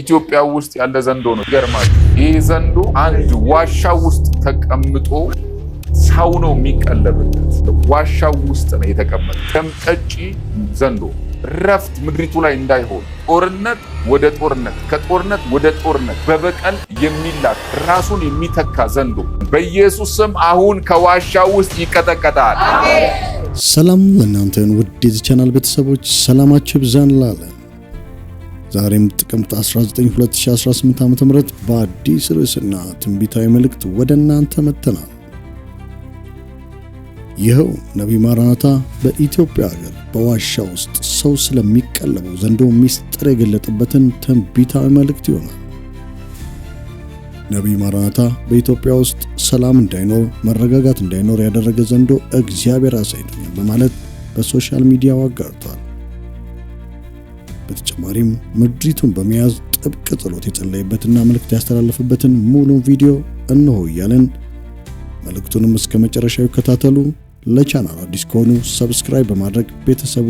ኢትዮጵያ ውስጥ ያለ ዘንዶ ነው። ይገርማል። ይህ ዘንዶ አንድ ዋሻ ውስጥ ተቀምጦ ሰው ነው የሚቀለብበት። ዋሻ ውስጥ ነው የተቀመጠ። ደም ጠጪ ዘንዶ ረፍት ምድሪቱ ላይ እንዳይሆን ጦርነት ወደ ጦርነት ከጦርነት ወደ ጦርነት በበቀል የሚላክ ራሱን የሚተካ ዘንዶ በኢየሱስ ስም አሁን ከዋሻ ውስጥ ይቀጠቀጣል። ሰላም ለእናንተን ውድ የዚህ ቻናል ቤተሰቦች ሰላማችሁ ይብዛን ላለን ዛሬም ጥቅምት 19 2018 ዓ ም በአዲስ ርዕስና ትንቢታዊ መልእክት ወደ እናንተ መጥተናል። ይኸው ነቢይ ማራናታ በኢትዮጵያ አገር በዋሻ ውስጥ ሰው ስለሚቀለበው ዘንዶ ሚስጥር የገለጠበትን ትንቢታዊ መልእክት ይሆናል። ነቢይ ማራናታ በኢትዮጵያ ውስጥ ሰላም እንዳይኖር መረጋጋት እንዳይኖር ያደረገ ዘንዶ እግዚአብሔር አሳይቶኛል በማለት በሶሻል ሚዲያው አጋርቷል። በተጨማሪም ምድሪቱን በመያዝ ጥብቅ ጸሎት የጸለየበትና መልእክት ያስተላለፈበትን ሙሉን ቪዲዮ እነሆ እያለን መልእክቱንም እስከ መጨረሻው ይከታተሉ። ለቻናሉ አዲስ ከሆኑ ሰብስክራይብ በማድረግ ቤተሰቡ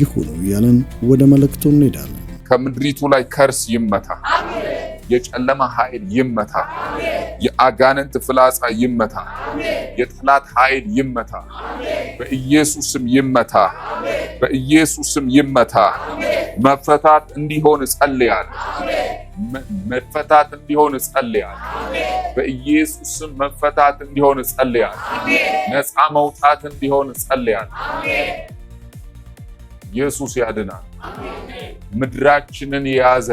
ይሁኑ እያለን ወደ መልእክቱ እንሄዳለን። ከምድሪቱ ላይ ከርስ ይመታ የጨለማ ኃይል ይመታ፣ የአጋንንት ፍላጻ ይመታ፣ የጠላት ኃይል ይመታ፣ በኢየሱስም ይመታ፣ በኢየሱስም ይመታ። መፈታት እንዲሆን እጸልያለሁ። መፈታት እንዲሆን እጸልያለሁ። በኢየሱስም መፈታት እንዲሆን እጸልያለሁ። ነፃ መውጣት እንዲሆን እጸልያለሁ። ኢየሱስ ያድናል። ምድራችንን የያዘ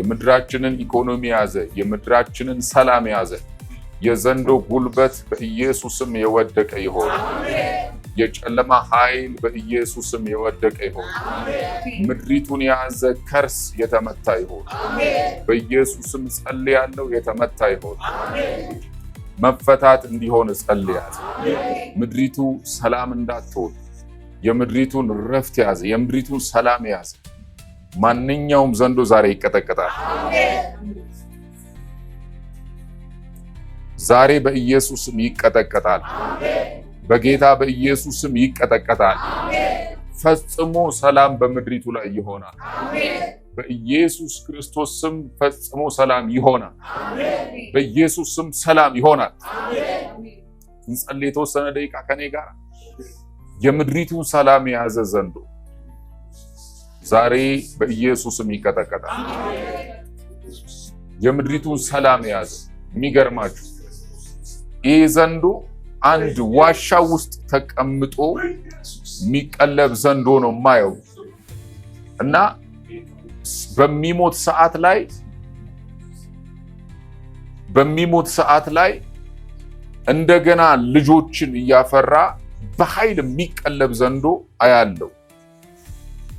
የምድራችንን ኢኮኖሚ የያዘ የምድራችንን ሰላም የያዘ የዘንዶ ጉልበት በኢየሱስም የወደቀ ይሆን። የጨለማ ኃይል በኢየሱስም የወደቀ ይሆን። ምድሪቱን የያዘ ከርስ የተመታ ይሆን። በኢየሱስም ጸልያለሁ፣ የተመታ ይሆን። መፈታት እንዲሆን ጸልያለሁ። ምድሪቱ ሰላም እንዳትሆን፣ የምድሪቱን ረፍት የያዘ የምድሪቱን ሰላም የያዘ ማንኛውም ዘንዶ ዛሬ ይቀጠቀጣል። ዛሬ በኢየሱስ ስም ይቀጠቀጣል። በጌታ በኢየሱስም ስም ይቀጠቀጣል። ፈጽሞ ሰላም በምድሪቱ ላይ ይሆናል። በኢየሱስ ክርስቶስ ስም ፈጽሞ ሰላም ይሆናል። በኢየሱስ ስም ሰላም ይሆናል። እንጸልይ የተወሰነ ደቂቃ ከኔ ጋር የምድሪቱን ሰላም የያዘ ዘንዶ ዛሬ በኢየሱስም ይቀጠቀጣል። የምድሪቱን ሰላም የያዘ የሚገርማችሁ ይህ ዘንዶ አንድ ዋሻ ውስጥ ተቀምጦ የሚቀለብ ዘንዶ ነው የማየው እና በሚሞት ሰዓት ላይ በሚሞት ሰዓት ላይ እንደገና ልጆችን እያፈራ በኃይል የሚቀለብ ዘንዶ አያለው።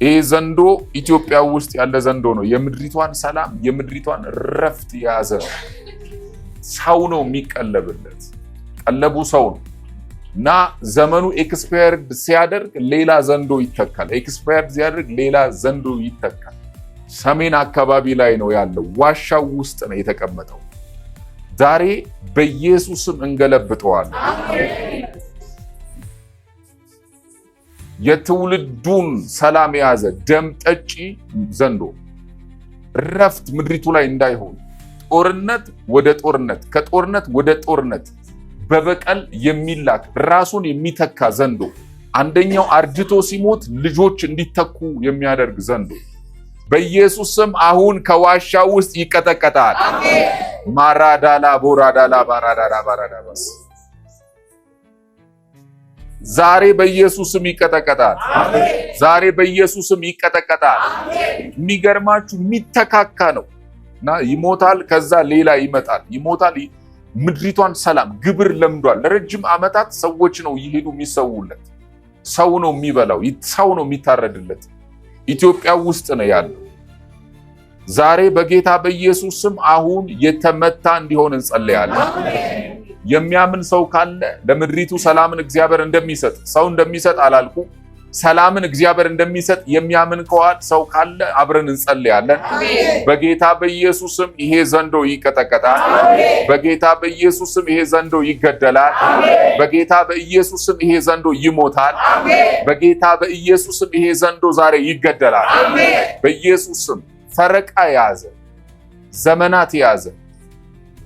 ይሄ ዘንዶ ኢትዮጵያ ውስጥ ያለ ዘንዶ ነው። የምድሪቷን ሰላም የምድሪቷን ረፍት የያዘ ነው። ሰው ነው የሚቀለብለት፣ ቀለቡ ሰው ነው እና ዘመኑ ኤክስፓየርድ ሲያደርግ ሌላ ዘንዶ ይተካል። ኤክስፓየርድ ሲያደርግ ሌላ ዘንዶ ይተካል። ሰሜን አካባቢ ላይ ነው ያለው፣ ዋሻው ውስጥ ነው የተቀመጠው። ዛሬ በኢየሱስም እንገለብጠዋለን። የትውልዱን ሰላም የያዘ ደም ጠጪ ዘንዶ ረፍት ምድሪቱ ላይ እንዳይሆን ጦርነት ወደ ጦርነት ከጦርነት ወደ ጦርነት በበቀል የሚላክ ራሱን የሚተካ ዘንዶ አንደኛው አርጅቶ ሲሞት ልጆች እንዲተኩ የሚያደርግ ዘንዶ በኢየሱስ ስም አሁን ከዋሻ ውስጥ ይቀጠቀጣል። ማራዳላ ቦራዳላ ባራዳላ ባራዳባስ ዛሬ በኢየሱስም ይቀጠቀጣል። ዛሬ በኢየሱስም ይቀጠቀጣል። የሚገርማችሁ የሚተካካ ነው እና ይሞታል፣ ከዛ ሌላ ይመጣል፣ ይሞታል። ምድሪቷን ሰላም ግብር ለምዷል። ለረጅም ዓመታት ሰዎች ነው ይሄዱ የሚሰውለት፣ ሰው ነው የሚበላው፣ ሰው ነው የሚታረድለት። ኢትዮጵያ ውስጥ ነው ያለው። ዛሬ በጌታ በኢየሱስ ስም አሁን የተመታ እንዲሆን እንጸለያለን። የሚያምን ሰው ካለ ለምድሪቱ ሰላምን እግዚአብሔር እንደሚሰጥ ሰው እንደሚሰጥ አላልኩ፣ ሰላምን እግዚአብሔር እንደሚሰጥ የሚያምን ከዋል ሰው ካለ አብረን እንጸልያለን። በጌታ በኢየሱስም ይሄ ዘንዶ ይቀጠቀጣል። በጌታ በኢየሱስም ይሄ ዘንዶ ይገደላል። በጌታ በኢየሱስም ይሄ ዘንዶ ይሞታል። በጌታ በኢየሱስም ይሄ ዘንዶ ዛሬ ይገደላል። በኢየሱስም ፈረቃ የያዘ ዘመናት የያዘ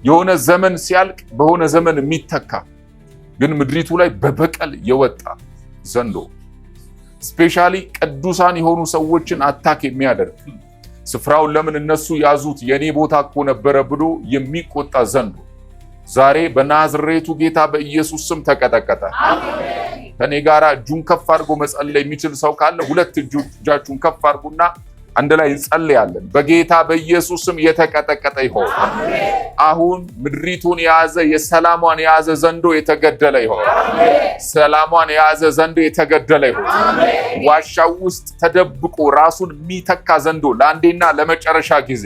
የሆነ ዘመን ሲያልቅ በሆነ ዘመን የሚተካ ግን ምድሪቱ ላይ በበቀል የወጣ ዘንዶ ስፔሻሊ ቅዱሳን የሆኑ ሰዎችን አታክ የሚያደርግ ስፍራውን ለምን እነሱ ያዙት የእኔ ቦታ እኮ ነበረ ብሎ የሚቆጣ ዘንዶ ዛሬ በናዝሬቱ ጌታ በኢየሱስ ስም ተቀጠቀጠ። ከኔ ጋር እጁን ከፍ አድርጎ መጸለይ የሚችል ሰው ካለ ሁለት እጃችሁን ከፍ አድርጉና አንድ ላይ እንጸልያለን። በጌታ በኢየሱስም የተቀጠቀጠ ይሆን። አሁን ምድሪቱን የያዘ የሰላሟን የያዘ ዘንዶ የተገደለ ይሆን። ሰላሟን የያዘ ዘንዶ የተገደለ ይሆን። ዋሻው ውስጥ ተደብቆ ራሱን የሚተካ ዘንዶ ለአንዴና ለመጨረሻ ጊዜ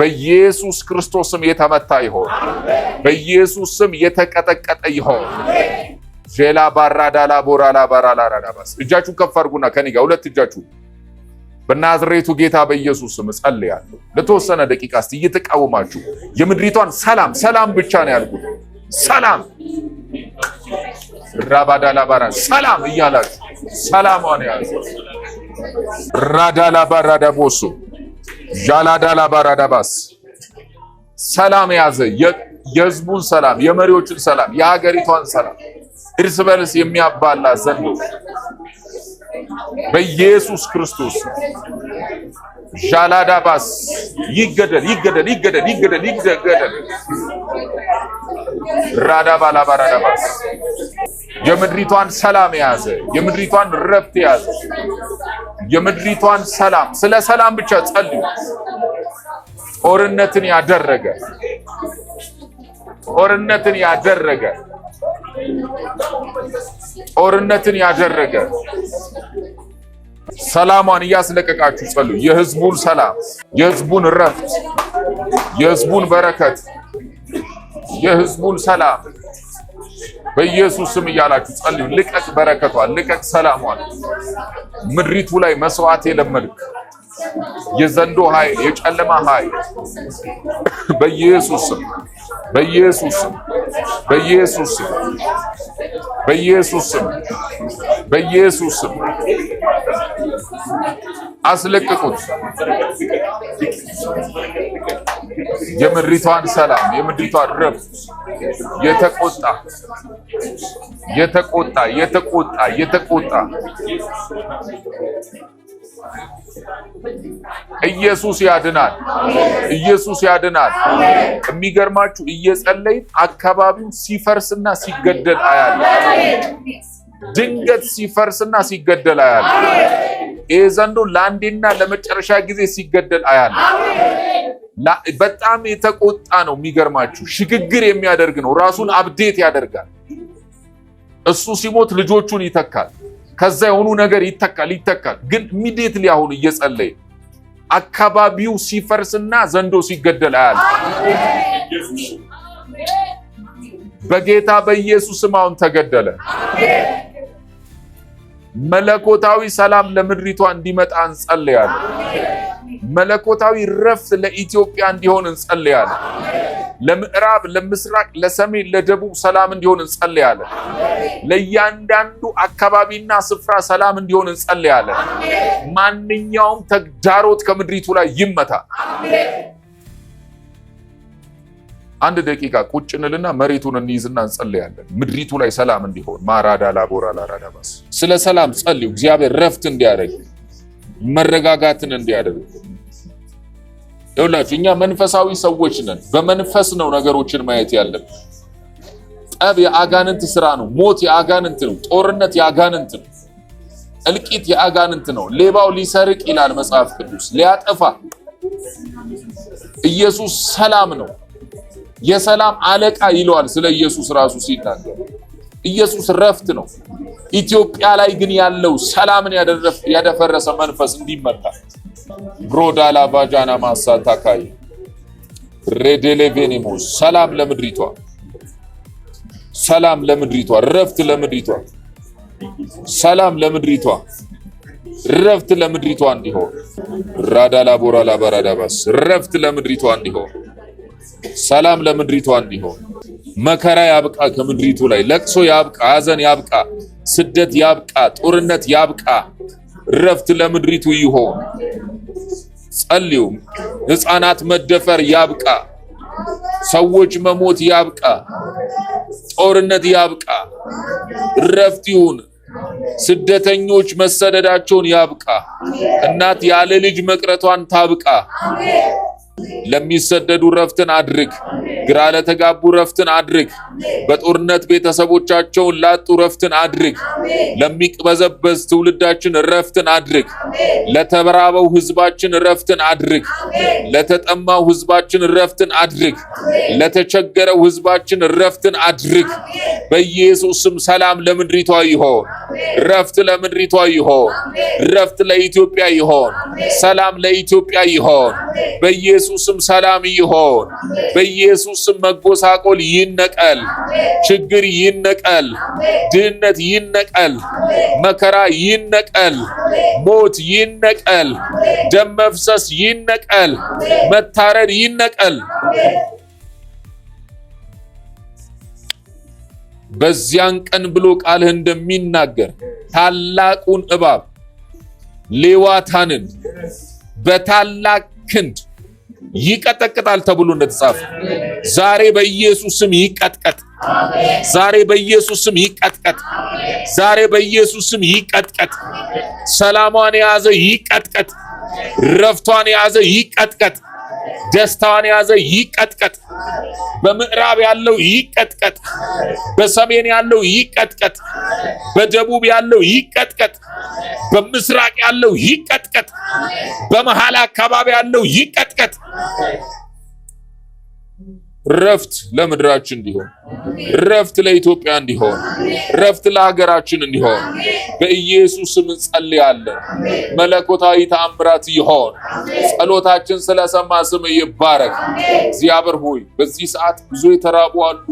በኢየሱስ ክርስቶስም የተመታ ይሆን። በኢየሱስም የተቀጠቀጠ ይሆን። ዤላ ባራዳላ ቦራላ ባራላ ራዳባስ እጃችሁ ከፍ አድርጉና ከኔ ጋር ሁለት እጃችሁ በናዝሬቱ ጌታ በኢየሱስ ስም ጸልያለሁ። ለተወሰነ ደቂቃ እስቲ እየተቃወማችሁ የምድሪቷን ሰላም ሰላም ብቻ ነው ያልኩት። ሰላም ራባዳ ላባራ ሰላም እያላችሁ ሰላሟን ያዙ። ራዳ ላባራ ዳቦሶ ዣላዳ ላባራ ዳባስ ሰላም የያዘ የህዝቡን ሰላም፣ የመሪዎቹን ሰላም፣ የሀገሪቷን ሰላም እርስ በርስ የሚያባላ ዘንዶ በኢየሱስ ክርስቶስ ዣላዳባስ ይገደል፣ ይገደል፣ ይገደል፣ ይገደል፣ ይገደል። ራዳባላባራዳባስ የምድሪቷን ሰላም የያዘ የምድሪቷን ረፍት የያዘ የምድሪቷን ሰላም ስለ ሰላም ብቻ ጸልዩ። ጦርነትን ያደረገ ጦርነትን ያደረገ ጦርነትን ያደረገ ሰላሟን እያስለቀቃችሁ ጸሉ። የህዝቡን ሰላም፣ የህዝቡን ረፍ የህዝቡን በረከት፣ የህዝቡን ሰላም በኢየሱስ ስም እያላችሁ ጸልዩ። ልቀቅ በረከቷን፣ ልቀቅ ሰላሟን ምድሪቱ ላይ መስዋዕት የለመድክ የዘንዶ ኃይል፣ የጨለማ ኃይል በኢየሱስ በኢየሱስም በኢየሱስም በኢየሱስም በኢየሱስም አስለቅቁት። የምድሪቷን ሰላም፣ የምድሪቷን ረፍት የተቆጣ የተቆጣ የተቆጣ የተቆጣ ኢየሱስ ያድናል። ኢየሱስ ያድናል። የሚገርማችሁ እየጸለይን አካባቢው ሲፈርስና ሲገደል አያለ። ድንገት ሲፈርስና ሲገደል አያለ። ይህ ዘንዶ ለአንዴና ለመጨረሻ ጊዜ ሲገደል አያለ። በጣም የተቆጣ ነው። የሚገርማችሁ ሽግግር የሚያደርግ ነው። ራሱን አብዴት ያደርጋል። እሱ ሲሞት ልጆቹን ይተካል። ከዛ የሆኑ ነገር ይተካል ይተካል። ግን ሚዴት አሁን እየጸለየ አካባቢው ሲፈርስና ዘንዶ ሲገደል አያለ በጌታ በኢየሱስም አሁን ተገደለ። መለኮታዊ ሰላም ለምድሪቷ እንዲመጣ እንጸልያለን። መለኮታዊ ረፍት ለኢትዮጵያ እንዲሆን እንጸልያለን። ለምዕራብ፣ ለምስራቅ፣ ለሰሜን፣ ለደቡብ ሰላም እንዲሆን እንጸልያለን። ለእያንዳንዱ አካባቢና ስፍራ ሰላም እንዲሆን እንጸልያለን። ማንኛውም ተግዳሮት ከምድሪቱ ላይ ይመታ። አንድ ደቂቃ ቁጭ እንልና መሬቱን እንይዝና እንጸልያለን። ምድሪቱ ላይ ሰላም እንዲሆን ማራዳ ላቦራ ላራዳ ባስ ስለ ሰላም ጸልዩ። እግዚአብሔር ረፍት እንዲያደርግ መረጋጋትን እንዲያደርግ ይኸውላችሁ እኛ መንፈሳዊ ሰዎች ነን። በመንፈስ ነው ነገሮችን ማየት ያለብን። ጠብ የአጋንንት ስራ ነው። ሞት የአጋንንት ነው። ጦርነት የአጋንንት ነው። እልቂት የአጋንንት ነው። ሌባው ሊሰርቅ ይላል መጽሐፍ ቅዱስ፣ ሊያጠፋ። ኢየሱስ ሰላም ነው፣ የሰላም አለቃ ይለዋል ስለ ኢየሱስ ራሱ ሲናገር። ኢየሱስ ረፍት ነው። ኢትዮጵያ ላይ ግን ያለው ሰላምን ያደፈረሰ መንፈስ እንዲመታ ማሳ ታካይ ሬዴሌቬኒሞ ሰላም ለምድሪቷ፣ ሰላም ለምድሪቷ፣ ረፍት ለምድሪቷ፣ ሰላም ለምድሪቷ፣ ረፍት ለምድሪቷ እንዲሆን ራዳ ላቦራ ባራዳባስ ረፍት ለምድሪቷ እንዲሆን ሰላም ለምድሪቷ እንዲሆን መከራ ያብቃ ከምድሪቱ ላይ ለቅሶ ያብቃ፣ ሀዘን ያብቃ፣ ስደት ያብቃ፣ ጦርነት ያብቃ። ረፍት ለምድሪቱ ይሆን። ጸልዩ። ሕፃናት መደፈር ያብቃ፣ ሰዎች መሞት ያብቃ፣ ጦርነት ያብቃ፣ እረፍት ይሁን። ስደተኞች መሰደዳቸውን ያብቃ። እናት ያለ ልጅ መቅረቷን ታብቃ። ለሚሰደዱ ረፍትን አድርግ። ግራ ለተጋቡ ረፍትን አድርግ። በጦርነት ቤተሰቦቻቸውን ላጡ ረፍትን አድርግ። ለሚቅበዘበዝ ትውልዳችን ረፍትን አድርግ። ለተበራበው ህዝባችን ረፍትን አድርግ። ለተጠማው ህዝባችን ረፍትን አድርግ። ለተቸገረው ህዝባችን ረፍትን አድርግ። በኢየሱስ ስም ሰላም ለምድሪቷ ይሆን። ረፍት ለምድሪቷ ይሆን። ረፍት ለኢትዮጵያ ይሆን። ሰላም ለኢትዮጵያ ይሆን። በኢየሱስ በኢየሱስም ሰላም ይሆን። በኢየሱስም መጎሳቆል ይነቀል፣ ችግር ይነቀል፣ ድህነት ይነቀል፣ መከራ ይነቀል፣ ሞት ይነቀል፣ ደም መፍሰስ ይነቀል፣ መታረድ ይነቀል። በዚያን ቀን ብሎ ቃልህ እንደሚናገር ታላቁን እባብ ሌዋታንን በታላቅ ክንድ ይቀጠቅጣል ተብሎ እንደተጻፈ ዛሬ በኢየሱስ ስም ይቀጥቀጥ። ዛሬ በኢየሱስ ስም ይቀጥቀጥ። ዛሬ በኢየሱስ ስም ይቀጥቀጥ። ሰላሟን የያዘ ይቀጥቀጥ። ረፍቷን የያዘ ይቀጥቀጥ። ደስታዋን የያዘ ይቀጥቀጥ። በምዕራብ ያለው ይቀጥቀጥ። በሰሜን ያለው ይቀጥቀጥ። በደቡብ ያለው ይቀጥቀጥ። በምስራቅ ያለው ይቀጥቀጥ። በመሃል አካባቢ ያለው ይቀጥቀጥ። ረፍት ለምድራችን እንዲሆን፣ ረፍት ለኢትዮጵያ እንዲሆን፣ ረፍት ለሀገራችን እንዲሆን በኢየሱስ ስም እንጸልያለን። መለኮታዊ ተአምራት ይሆን። ጸሎታችን ስለሰማ ስም ይባረክ። እግዚአብሔር ሆይ በዚህ ሰዓት ብዙ የተራቡ አሉ፣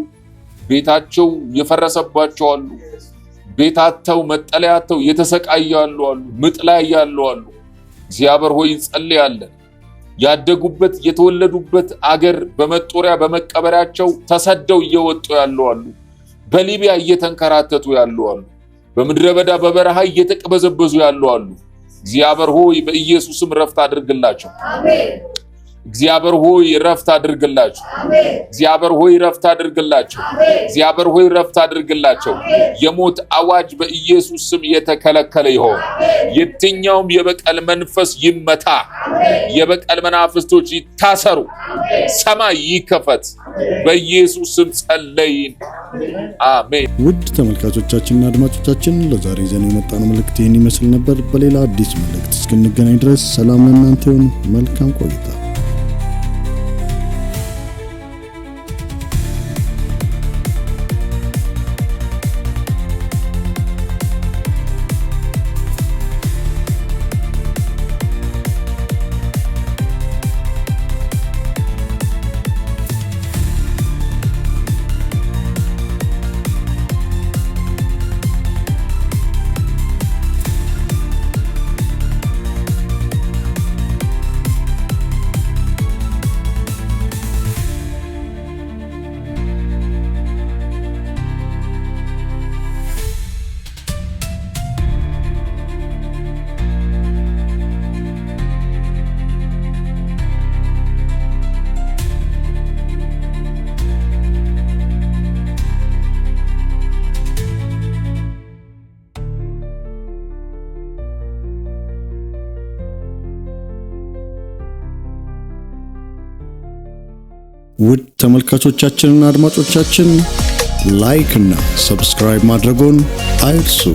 ቤታቸው የፈረሰባቸው አሉ፣ ቤታተው መጠለያተው የተሰቃዩ ያሉ አሉ፣ ምጥ ላይ ያሉ አሉ። እግዚአብሔር ሆይ እንጸልያለን ያደጉበት የተወለዱበት አገር በመጦሪያ በመቀበሪያቸው ተሰደው እየወጡ ያሉ አሉ። በሊቢያ እየተንከራተቱ ያሉ አሉ። በምድረ በዳ በበረሃ እየተቀበዘበዙ ያሉ አሉ። እግዚአብሔር ሆይ በኢየሱስም ረፍት አድርግላቸው። እግዚአብሔር ሆይ ረፍት አድርግላቸው። እግዚአብሔር ሆይ ረፍት አድርግላቸው። እግዚአብሔር ሆይ ረፍት አድርግላቸው። የሞት አዋጅ በኢየሱስ ስም የተከለከለ ይሆን። የትኛውም የበቀል መንፈስ ይመታ። የበቀል መናፍስቶች ይታሰሩ። ሰማይ ይከፈት። በኢየሱስ ስም ጸለይን። አሜን። ውድ ተመልካቾቻችንና አድማጮቻችን ለዛሬ ዘን የመጣነው መልእክት ይህን ይመስል ነበር። በሌላ አዲስ መልእክት እስክንገናኝ ድረስ ሰላም ለእናንተ ይሁን። መልካም ቆይታ ተመልካቾቻችንና አድማጮቻችን ላይክ እና ሰብስክራይብ ማድረጎን አይርሱ።